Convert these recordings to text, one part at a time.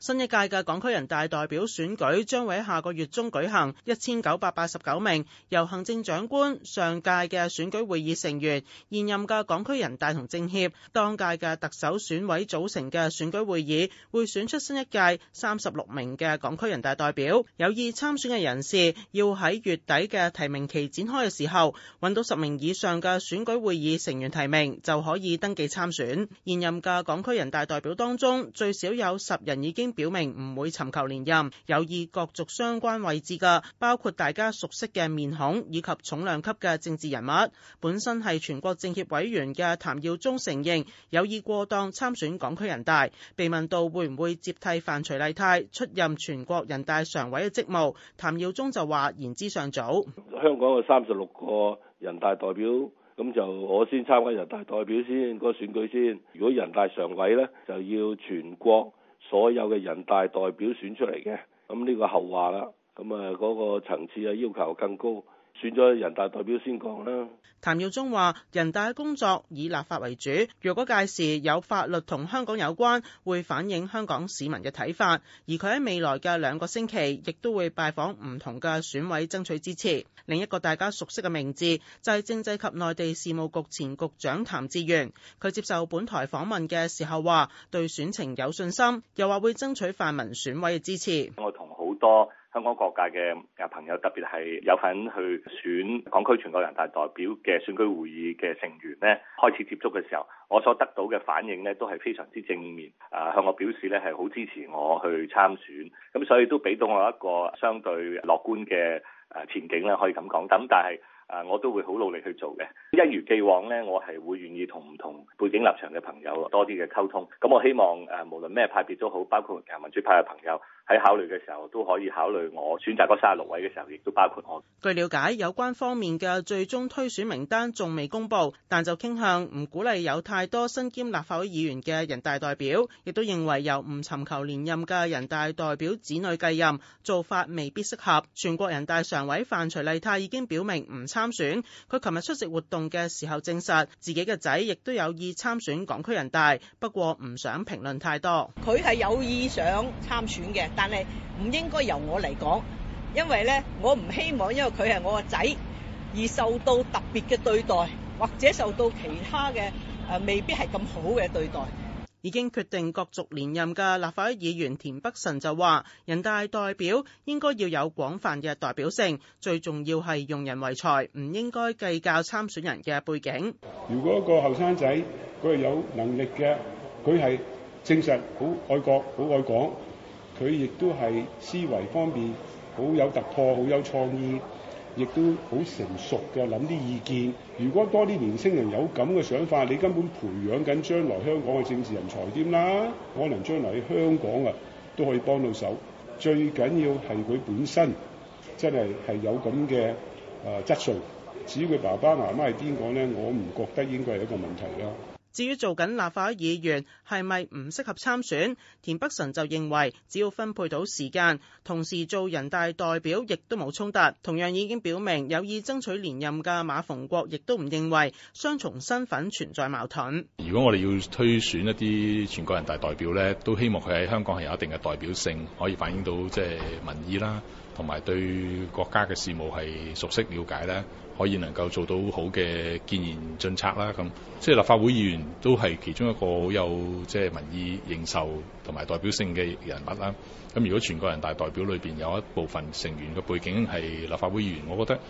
新一屆嘅港區人大代表選舉將會喺下個月中舉行，一千九百八十九名由行政長官、上屆嘅選舉會議成員、現任嘅港區人大同政協、當屆嘅特首選委組成嘅選舉會議，會選出新一屆三十六名嘅港區人大代表。有意參選嘅人士要喺月底嘅提名期展開嘅時候，搵到十名以上嘅選舉會議成員提名，就可以登記參選。現任嘅港區人大代表當中，最少有十人已經表明唔會尋求連任，有意角逐相關位置噶，包括大家熟悉嘅面孔以及重量級嘅政治人物。本身係全國政協委員嘅譚耀宗承認有意過當參選港區人大。被問到會唔會接替范徐麗泰出任全國人大常委嘅職務，譚耀宗就話言之尚早。香港有三十六個人大代表，咁就我先參加人大代表先，嗰個選舉先。如果人大常委咧，就要全國，所有嘅人大代表選出嚟嘅。咁呢個後話啦，咁啊嗰個層次啊，要求更高。選咗人大代表先講啦。譚耀宗話：人大嘅工作以立法為主，若果屆時有法律同香港有關，會反映香港市民嘅睇法。而佢喺未來嘅兩個星期，亦都會拜訪唔同嘅選委，爭取支持。另一個大家熟悉嘅名字就係政制及內地事務局前局長譚志源。佢接受本台訪問嘅時候話：對選情有信心，又話會爭取泛民選委嘅支持。我同好多。香港各界嘅朋友，特別係有份去選港區全國人大代表嘅選舉會議嘅成員咧，開始接觸嘅時候，我所得到嘅反應咧，都係非常之正面啊，向我表示咧係好支持我去參選，咁所以都俾到我一個相對樂觀嘅前景咧，可以咁講。咁但係啊，我都會好努力去做嘅，一如既往咧，我係會願意同唔同背景立場嘅朋友多啲嘅溝通。咁我希望誒，無論咩派別都好，包括啊民主派嘅朋友。喺考慮嘅時候都可以考慮我選擇嗰三十六位嘅時候，亦都包括我。據了解，有關方面嘅最終推選名單仲未公布，但就傾向唔鼓勵有太多身兼立法會議員嘅人大代表，亦都認為由唔尋求連任嘅人大代表子女繼任做法未必適合。全國人大常委范徐麗泰已經表明唔參選，佢琴日出席活動嘅時候證實自己嘅仔亦都有意參選港區人大，不過唔想評論太多。佢係有意想參選嘅。但係唔應該由我嚟講，因為咧，我唔希望因為佢係我個仔而受到特別嘅對待，或者受到其他嘅誒未必係咁好嘅對待。已經決定角逐連任嘅立法會議員田北辰就話，人大代表應該要有廣泛嘅代表性，最重要係用人為才，唔應該計較參選人嘅背景。如果一個後生仔佢係有能力嘅，佢係證實好愛國、好愛港。佢亦都係思維方面好有突破、好有創意，亦都好成熟嘅，諗啲意見。如果多啲年輕人有咁嘅想法，你根本培養緊將來香港嘅政治人才添啦。可能將來香港啊都可以幫到手。最緊要係佢本身真係係有咁嘅啊質素。至於佢爸爸媽媽係邊個咧，我唔覺得應該係一個問題啦。至於做緊立法會議員係咪唔適合參選？田北辰就認為只要分配到時間，同時做人大代表亦都冇衝突。同樣已經表明有意爭取連任嘅馬逢國，亦都唔認為雙重身份存在矛盾。如果我哋要推選一啲全國人大代表呢，都希望佢喺香港係有一定嘅代表性，可以反映到即係民意啦。同埋對國家嘅事務係熟悉了解咧，可以能夠做到好嘅建言進策啦。咁即係立法會議員都係其中一個好有即係、就是、民意認受同埋代表性嘅人物啦。咁如果全國人大代表裏邊有一部分成員嘅背景係立法會議員，我覺得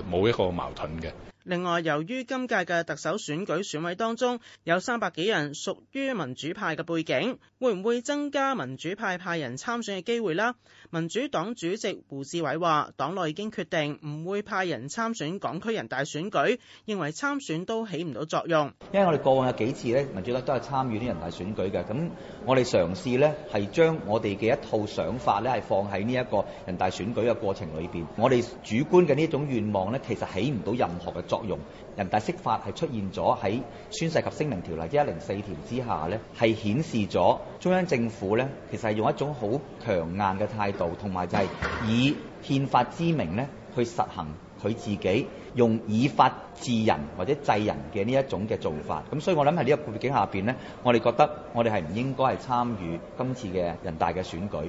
誒冇、呃、一個矛盾嘅。另外，由於今屆嘅特首選舉選委當中，有三百幾人屬於民主派嘅背景，會唔會增加民主派派人參選嘅機會呢？民主黨主席胡志偉話，黨內已經決定唔會派人參選港區人大選舉，認為參選都起唔到作用。因為我哋過往有幾次呢民主黨都係參與啲人大選舉嘅，咁我哋嘗試呢係將我哋嘅一套想法呢係放喺呢一個人大選舉嘅過程裏面。我哋主觀嘅呢種願望呢，其實起唔到任何嘅作用。作用人大釋法係出現咗喺宣誓及聲明條例之一零四條之下咧，係顯示咗中央政府咧，其實係用一種好強硬嘅態度，同埋就係以憲法之名咧，去實行佢自己用以法治人或者制人嘅呢一種嘅做法。咁所以我諗喺呢個背景下邊咧，我哋覺得我哋係唔應該係參與今次嘅人大嘅選舉。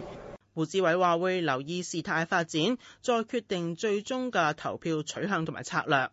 胡志偉話會留意事態發展，再決定最終嘅投票取向同埋策略。